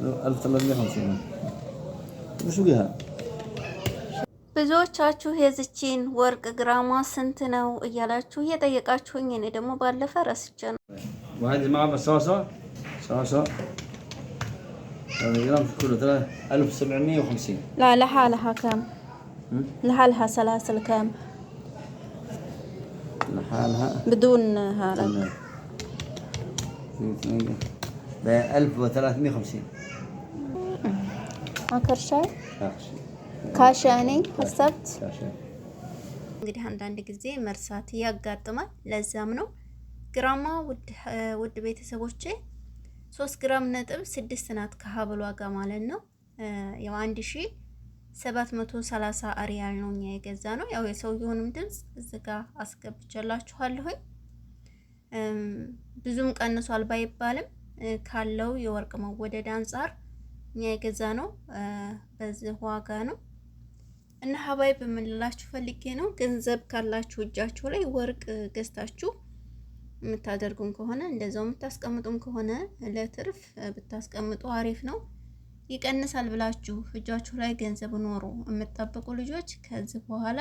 1350 ብዙ ጊዜ ብዙዎቻችሁ የዝቺን ወርቅ ግራሟ ስንት ነው እያላችሁ እየጠየቃችሁኝ፣ እኔ ደግሞ ባለፈ ረስቼ ነው። لها لها كم لها لها سلاسل كم لها لها بدون هذا ب 1350 አከርሻ ካሻ ሀሳብት እንግዲህ አንዳንድ ጊዜ መርሳት ያጋጥማል። ለዛም ነው ግራማ ውድ ቤተሰቦቼ ሶስት ግራም ነጥብ ስድስት ናት ከሀብሏ ጋር ማለት ነው። ያው አንድ ሺ ሰባት መቶ ሰላሳ ሪያል ነው እኛ የገዛ ነው። ያው የሰውየውንም ድምፅ እዚህ ጋር አስገብቼላችኋለሁኝ ብዙም ቀንሷል ባይባልም ካለው የወርቅ መወደድ አንጻር እኛ የገዛ ነው በዚህ ዋጋ ነው። እና ሀባይ በምንላችሁ ፈልጌ ነው። ገንዘብ ካላችሁ እጃችሁ ላይ ወርቅ ገዝታችሁ የምታደርጉም ከሆነ እንደዛው የምታስቀምጡም ከሆነ ለትርፍ ብታስቀምጡ አሪፍ ነው። ይቀንሳል ብላችሁ እጃችሁ ላይ ገንዘብ ኖሮ የምትጠብቁ ልጆች ከዚህ በኋላ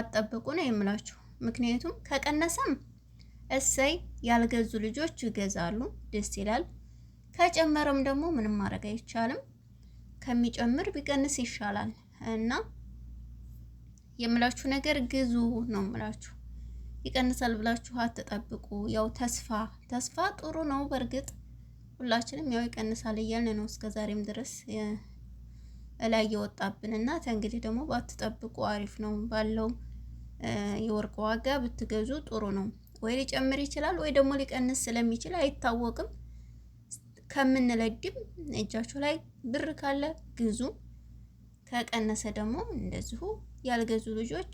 አጠብቁ ነው የምላችሁ። ምክንያቱም ከቀነሰም እሰይ ያልገዙ ልጆች ይገዛሉ፣ ደስ ይላል። ከጨመረም ደግሞ ምንም ማድረግ አይቻልም። ከሚጨምር ቢቀንስ ይሻላል እና የምላችሁ ነገር ግዙ ነው የምላችሁ። ይቀንሳል ብላችሁ አትጠብቁ። ያው ተስፋ ተስፋ ጥሩ ነው። በእርግጥ ሁላችንም ያው ይቀንሳል እያልን ነው እስከ ዛሬም ድረስ እላይ የወጣብን እና ተእንግዲህ ደግሞ ባትጠብቁ አሪፍ ነው። ባለው የወርቅ ዋጋ ብትገዙ ጥሩ ነው። ወይ ሊጨምር ይችላል ወይ ደግሞ ሊቀንስ ስለሚችል አይታወቅም። ከምንለድም እጃችሁ ላይ ብር ካለ ግዙ። ከቀነሰ ደግሞ እንደዚሁ ያልገዙ ልጆች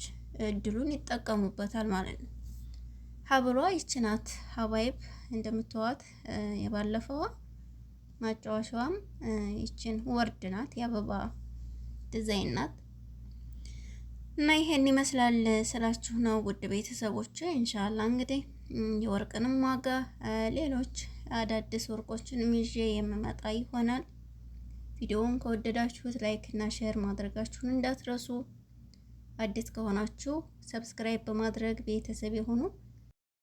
እድሉን ይጠቀሙበታል ማለት ነው። ሀብሏ ይችናት ናት ሀባይብ እንደምትዋት የባለፈዋ ማጫወሻዋም ይችን ወርድ ናት፣ የአበባ ዲዛይን ናት። እና ይሄን ይመስላል ስላችሁ ነው ውድ ቤተሰቦች። እንሻላ እንግዲህ የወርቅንም ዋጋ ሌሎች አዳዲስ ወርቆችንም ይዤ የምመጣ ይሆናል። ቪዲዮውን ከወደዳችሁት ላይክ እና ሼር ማድረጋችሁን እንዳትረሱ። አዲስ ከሆናችሁ ሰብስክራይብ በማድረግ ቤተሰብ የሆኑ